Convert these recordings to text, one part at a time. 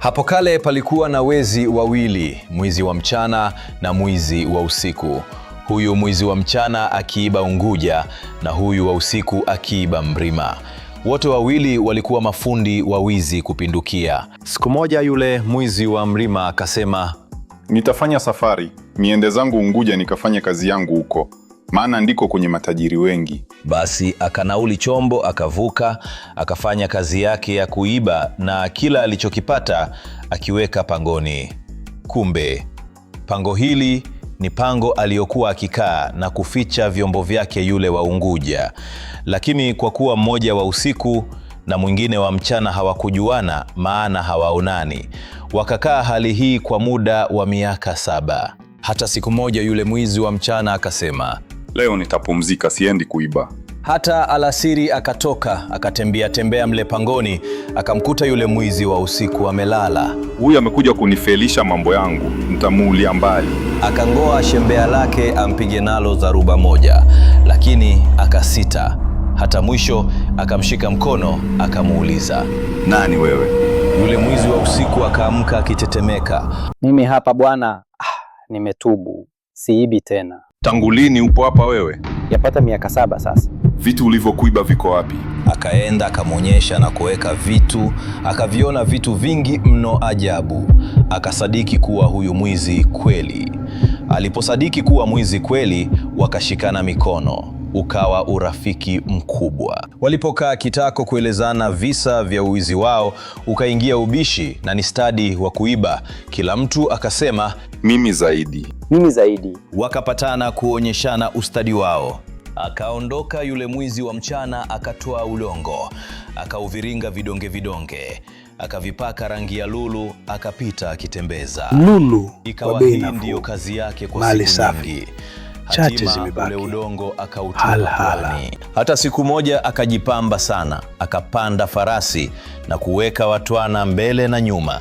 Hapo kale palikuwa na wezi wawili, mwizi wa mchana na mwizi wa usiku. Huyu mwizi wa mchana akiiba Unguja na huyu wa usiku akiiba Mrima. Wote wawili walikuwa mafundi wa wizi kupindukia. Siku moja yule mwizi wa Mrima akasema, nitafanya safari niende zangu Unguja nikafanye kazi yangu huko maana ndiko kwenye matajiri wengi. Basi akanauli chombo, akavuka, akafanya kazi yake ya kuiba, na kila alichokipata akiweka pangoni. Kumbe pango hili ni pango aliyokuwa akikaa na kuficha vyombo vyake yule wa Unguja, lakini kwa kuwa mmoja wa usiku na mwingine wa mchana hawakujuana, maana hawaonani. Wakakaa hali hii kwa muda wa miaka saba. Hata siku moja yule mwizi wa mchana akasema Leo nitapumzika, siendi kuiba. Hata alasiri akatoka akatembea tembea mle pangoni, akamkuta yule mwizi wa usiku amelala. Huyu amekuja kunifelisha mambo yangu, nitamuulia mbali. Akangoa shembea lake ampige nalo dharuba moja, lakini akasita. Hata mwisho akamshika mkono, akamuuliza nani wewe? Yule mwizi wa usiku akaamka akitetemeka, mimi hapa bwana, ah, nimetubu, siibi tena. Tangu lini upo hapa wewe? Yapata miaka saba sasa. Vitu ulivyokuiba viko wapi? Akaenda akamwonyesha na kuweka vitu, akaviona vitu vingi mno ajabu, akasadiki kuwa huyu mwizi kweli. Aliposadiki kuwa mwizi kweli, wakashikana mikono ukawa urafiki mkubwa. Walipokaa kitako kuelezana visa vya uwizi wao, ukaingia ubishi na ni stadi wa kuiba. Kila mtu akasema mimi zaidi, mimi zaidi. Wakapatana kuonyeshana ustadi wao. Akaondoka yule mwizi wa mchana, akatoa ulongo, akauviringa vidonge vidonge akavipaka rangi ya lulu, akapita akitembeza lulu. Ikawa hii ndiyo kazi yake kwa siku nyingi chache zimebaki. Ule udongo akautupa. Hata siku moja akajipamba sana, akapanda farasi na kuweka watwana mbele na nyuma,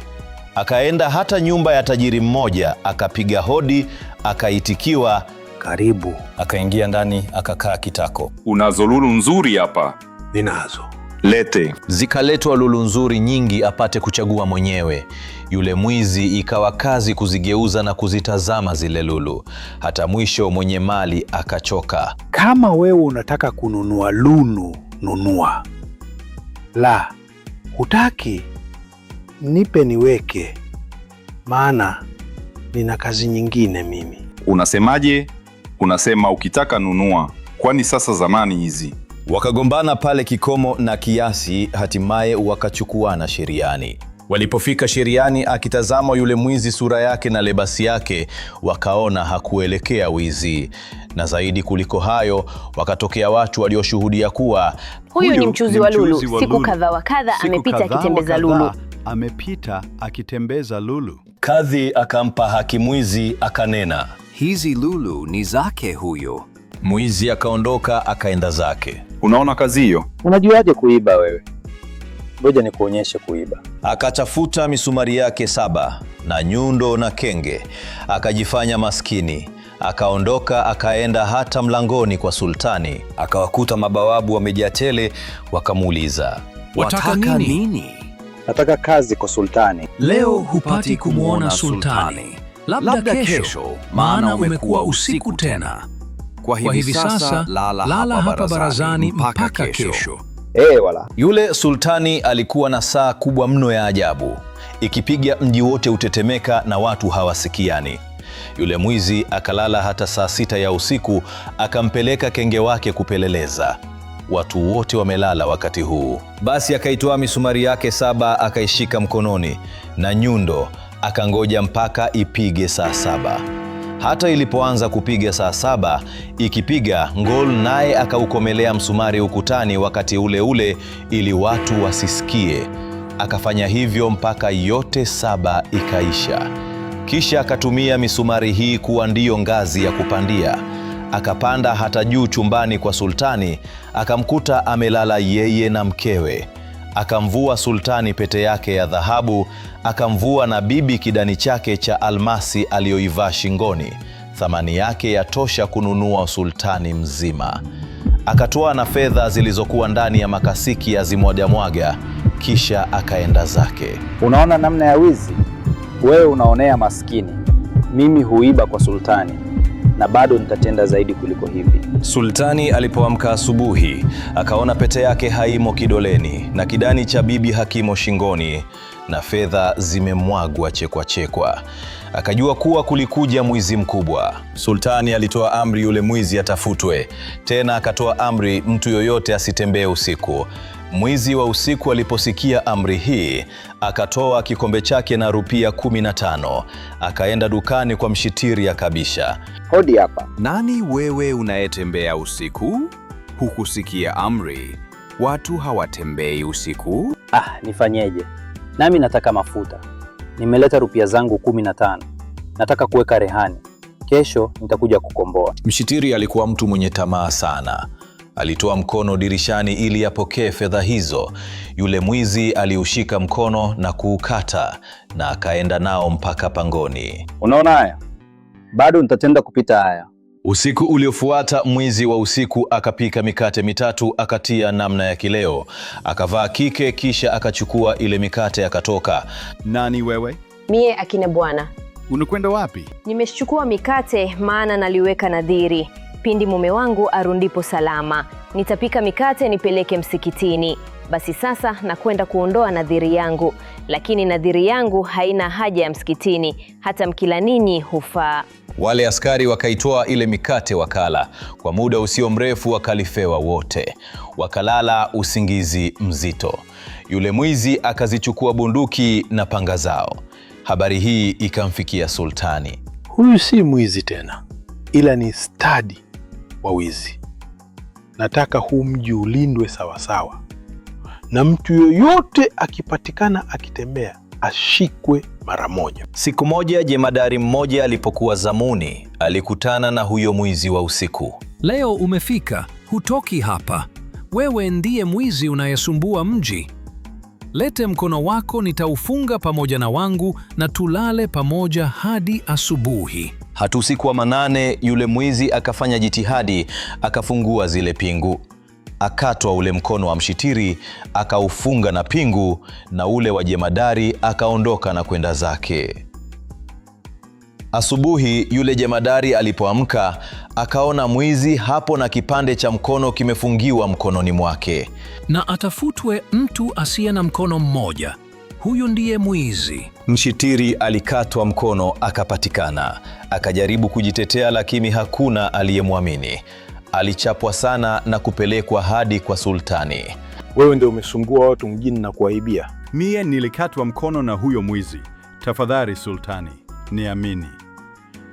akaenda hata nyumba ya tajiri mmoja, akapiga hodi, akaitikiwa karibu. Akaingia ndani, akakaa kitako. Unazo lulu nzuri hapa? Ninazo, lete. Zikaletwa lulu nzuri nyingi, apate kuchagua mwenyewe yule mwizi ikawa kazi kuzigeuza na kuzitazama zile lulu. Hata mwisho mwenye mali akachoka. Kama wewe unataka kununua lulu, nunua. La hutaki, nipe niweke, maana nina kazi nyingine mimi. Unasemaje? Unasema ukitaka nunua, kwani sasa zamani hizi Wakagombana pale kikomo na kiasi, hatimaye wakachukuana sheriani. Walipofika Sheriani, akitazama yule mwizi sura yake na lebasi yake, wakaona hakuelekea wizi. Na zaidi kuliko hayo, wakatokea watu walioshuhudia kuwa huyu ni mchuzi wa lulu, siku kadha wa kadha amepita akitembeza lulu amepita akitembeza lulu. Kadhi akampa haki mwizi, akanena hizi lulu ni zake huyo. Mwizi akaondoka akaenda zake. Unaona kazi hiyo? Unajuaje kuiba wewe? ngoja nikuonyeshe kuiba. Akatafuta misumari yake saba na nyundo na kenge, akajifanya maskini, akaondoka akaenda hata mlangoni kwa sultani. Akawakuta mabawabu wamejaa tele, wakamuuliza wataka nini? Nini? Nataka kazi kwa sultani. Leo hupati kumwona sultani, labda, labda kesho, maana umekuwa usiku tena. Kwa hivi sasa lala, lala hapa barazani mpaka kesho. Eh, wala. Yule sultani alikuwa na saa kubwa mno ya ajabu, ikipiga mji wote utetemeka na watu hawasikiani. Yule mwizi akalala hata saa sita ya usiku, akampeleka kenge wake kupeleleza. Watu wote wamelala wakati huu. Basi akaitoa misumari yake saba, akaishika mkononi na nyundo, akangoja mpaka ipige saa saba hata ilipoanza kupiga saa saba ikipiga, Ngol naye akaukomelea msumari ukutani wakati ule ule ili watu wasisikie. Akafanya hivyo mpaka yote saba ikaisha. Kisha akatumia misumari hii kuwa ndiyo ngazi ya kupandia. Akapanda hata juu chumbani kwa sultani, akamkuta amelala yeye na mkewe akamvua sultani pete yake ya dhahabu, akamvua na bibi kidani chake cha almasi aliyoivaa shingoni, thamani yake yatosha kununua sultani mzima. Akatoa na fedha zilizokuwa ndani ya makasiki zimwagamwaga, kisha akaenda zake. Unaona namna ya wizi? Wewe unaonea maskini, mimi huiba kwa sultani na bado nitatenda zaidi kuliko hivi. Sultani alipoamka asubuhi akaona pete yake haimo kidoleni na kidani cha bibi hakimo shingoni na fedha zimemwagwa chekwa chekwa. Akajua kuwa kulikuja mwizi mkubwa. Sultani alitoa amri yule mwizi atafutwe, tena akatoa amri mtu yoyote asitembee usiku. Mwizi wa usiku aliposikia amri hii, akatoa kikombe chake na rupia 15, akaenda dukani kwa mshitiri akabisha, hodi hapa. Nani wewe unayetembea usiku? Hukusikia amri, watu hawatembei usiku. Ah, nifanyeje? Nami nataka mafuta, nimeleta rupia zangu 15, nataka kuweka rehani, kesho nitakuja kukomboa. Mshitiri alikuwa mtu mwenye tamaa sana alitoa mkono dirishani ili apokee fedha hizo. Yule mwizi aliushika mkono na kuukata na akaenda nao mpaka pangoni. Unaona haya, bado nitatenda kupita haya. Usiku uliofuata mwizi wa usiku akapika mikate mitatu akatia namna ya kileo, akavaa kike, kisha akachukua ile mikate akatoka. Nani wewe? Mie akina bwana. Unakwenda wapi? nimechukua mikate, maana naliweka nadhiri pindi mume wangu arundipo salama. Nitapika mikate nipeleke msikitini. Basi sasa nakwenda kuondoa nadhiri yangu, lakini nadhiri yangu haina haja ya msikitini, hata mkila ninyi hufaa. Wale askari wakaitoa ile mikate wakala. Kwa muda usio mrefu wakalifewa wote, wakalala usingizi mzito. Yule mwizi akazichukua bunduki na panga zao. Habari hii ikamfikia sultani. Huyu si mwizi tena, ila ni stadi wa wizi. Nataka huu mji ulindwe sawasawa, na mtu yoyote akipatikana akitembea ashikwe mara moja. Siku moja jemadari mmoja alipokuwa zamuni, alikutana na huyo mwizi wa usiku. Leo umefika, hutoki hapa. Wewe ndiye mwizi unayesumbua mji. Lete mkono wako, nitaufunga pamoja na wangu, na tulale pamoja hadi asubuhi. Hata usiku wa manane yule mwizi akafanya jitihadi, akafungua zile pingu, akatwa ule mkono wa mshitiri akaufunga na pingu, na ule wa jemadari akaondoka na kwenda zake. Asubuhi yule jemadari alipoamka akaona mwizi hapo na kipande cha mkono kimefungiwa mkononi mwake, na atafutwe mtu asiye na mkono mmoja huyu ndiye mwizi. Mshitiri alikatwa mkono akapatikana, akajaribu kujitetea, lakini hakuna aliyemwamini. Alichapwa sana na kupelekwa hadi kwa sultani. Wewe ndio umesumbua watu mjini na kuwaibia. Mie nilikatwa mkono na huyo mwizi. Tafadhali sultani, niamini.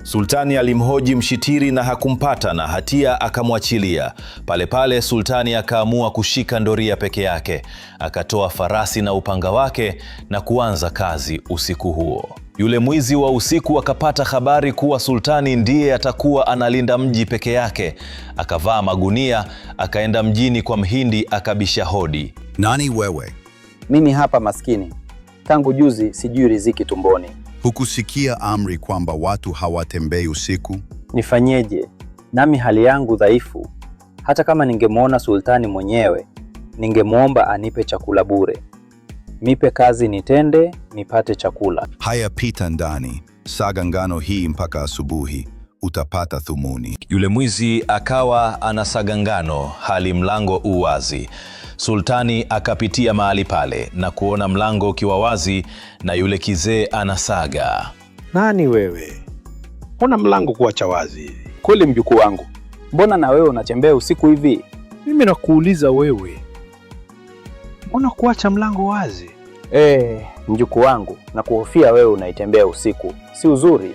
Sultani alimhoji mshitiri na hakumpata na hatia akamwachilia. Pale pale sultani akaamua kushika ndoria peke yake, akatoa farasi na upanga wake na kuanza kazi usiku huo. Yule mwizi wa usiku akapata habari kuwa sultani ndiye atakuwa analinda mji peke yake. Akavaa magunia, akaenda mjini kwa Mhindi, akabisha hodi. Nani wewe? Mimi hapa maskini, tangu juzi sijui riziki tumboni Hukusikia amri kwamba watu hawatembei usiku? Nifanyeje? Nami hali yangu dhaifu. Hata kama ningemwona sultani mwenyewe, ningemwomba anipe chakula bure. Nipe kazi nitende, nipate chakula. Haya, pita ndani, saga ngano hii mpaka asubuhi, utapata thumuni. Yule mwizi akawa anasaga ngano hali mlango uwazi. Sultani akapitia mahali pale na kuona mlango ukiwa wazi na yule kizee anasaga. Nani wewe? Mbona mlango kuacha wazi? Kweli mjukuu wangu, mbona na wewe unatembea usiku hivi? Mimi nakuuliza wewe, mbona kuacha mlango wazi? E, mjukuu wangu, na kuhofia wewe unaitembea usiku si uzuri.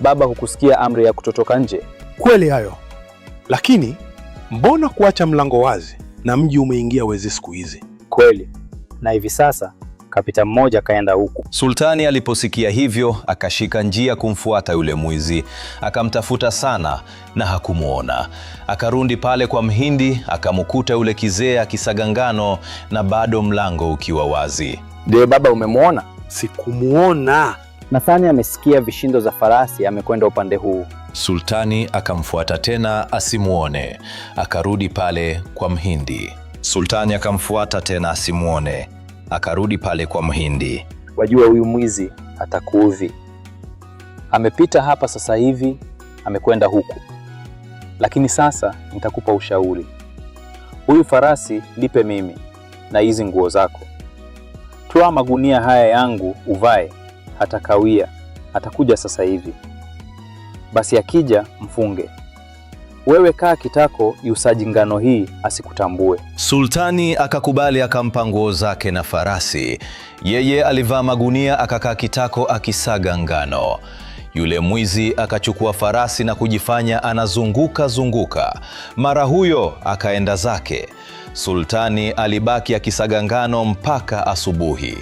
Baba hukusikia amri ya kutotoka nje. Kweli hayo, lakini mbona kuacha mlango wazi? na mji umeingia wezi siku hizi kweli, na hivi sasa kapita mmoja kaenda huku. Sultani aliposikia hivyo, akashika njia kumfuata yule mwizi, akamtafuta sana na hakumwona. Akarundi pale kwa Mhindi, akamkuta yule kizee akisaga ngano na bado mlango ukiwa wazi. Ndiyo baba, umemwona? Sikumwona. Nathani amesikia vishindo za farasi, amekwenda upande huu. Sultani akamfuata tena asimuone, akarudi pale kwa Mhindi. Sultani akamfuata tena asimuone, akarudi pale kwa Mhindi. Wajua huyu mwizi atakuudhi. Amepita hapa sasa hivi, amekwenda huku, lakini sasa nitakupa ushauri. Huyu farasi lipe mimi na hizi nguo zako, toa magunia haya yangu uvae. hatakawia atakuja sasa hivi basi akija mfunge. Wewe kaa kitako, yusaji ngano hii asikutambue. Sultani akakubali, akampa nguo zake na farasi. Yeye alivaa magunia, akakaa kitako akisaga ngano. Yule mwizi akachukua farasi na kujifanya anazunguka zunguka, mara huyo akaenda zake. Sultani alibaki akisaga ngano mpaka asubuhi,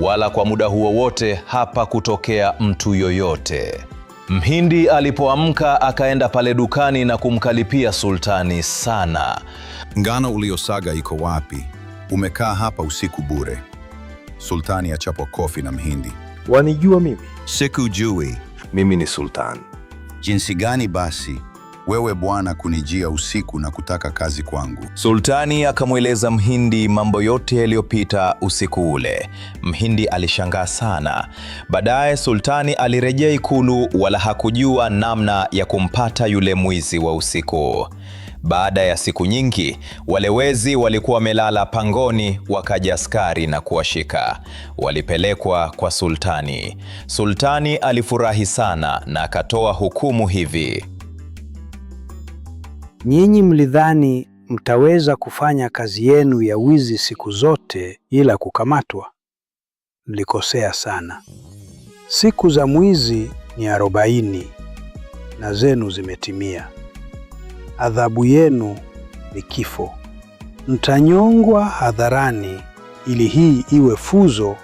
wala kwa muda huo wote hapa kutokea mtu yoyote. Mhindi alipoamka akaenda pale dukani na kumkalipia sultani sana. Ngano uliosaga iko wapi? Umekaa hapa usiku bure. Sultani achapwa kofi na Mhindi. Wanijua mimi? Sikujui. Mimi ni sultani. Jinsi gani basi? wewe bwana kunijia usiku na kutaka kazi kwangu. Sultani akamweleza Mhindi mambo yote yaliyopita usiku ule. Mhindi alishangaa sana. Baadaye Sultani alirejea ikulu, wala hakujua namna ya kumpata yule mwizi wa usiku. Baada ya siku nyingi, wale wezi walikuwa wamelala pangoni, wakaja askari na kuwashika. Walipelekwa kwa Sultani. Sultani alifurahi sana na akatoa hukumu hivi: Nyinyi mlidhani mtaweza kufanya kazi yenu ya wizi siku zote ila kukamatwa. Mlikosea sana. Siku za mwizi ni arobaini na zenu zimetimia. Adhabu yenu ni kifo. Mtanyongwa hadharani ili hii iwe fuzo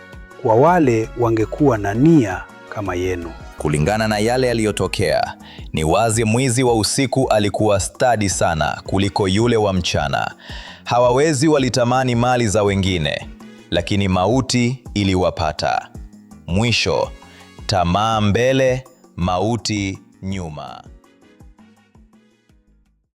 kwa wale wangekuwa na nia kama yenu. Kulingana na yale yaliyotokea, ni wazi mwizi wa usiku alikuwa stadi sana kuliko yule wa mchana. Hawa wezi walitamani mali za wengine, lakini mauti iliwapata. Mwisho, tamaa mbele, mauti nyuma.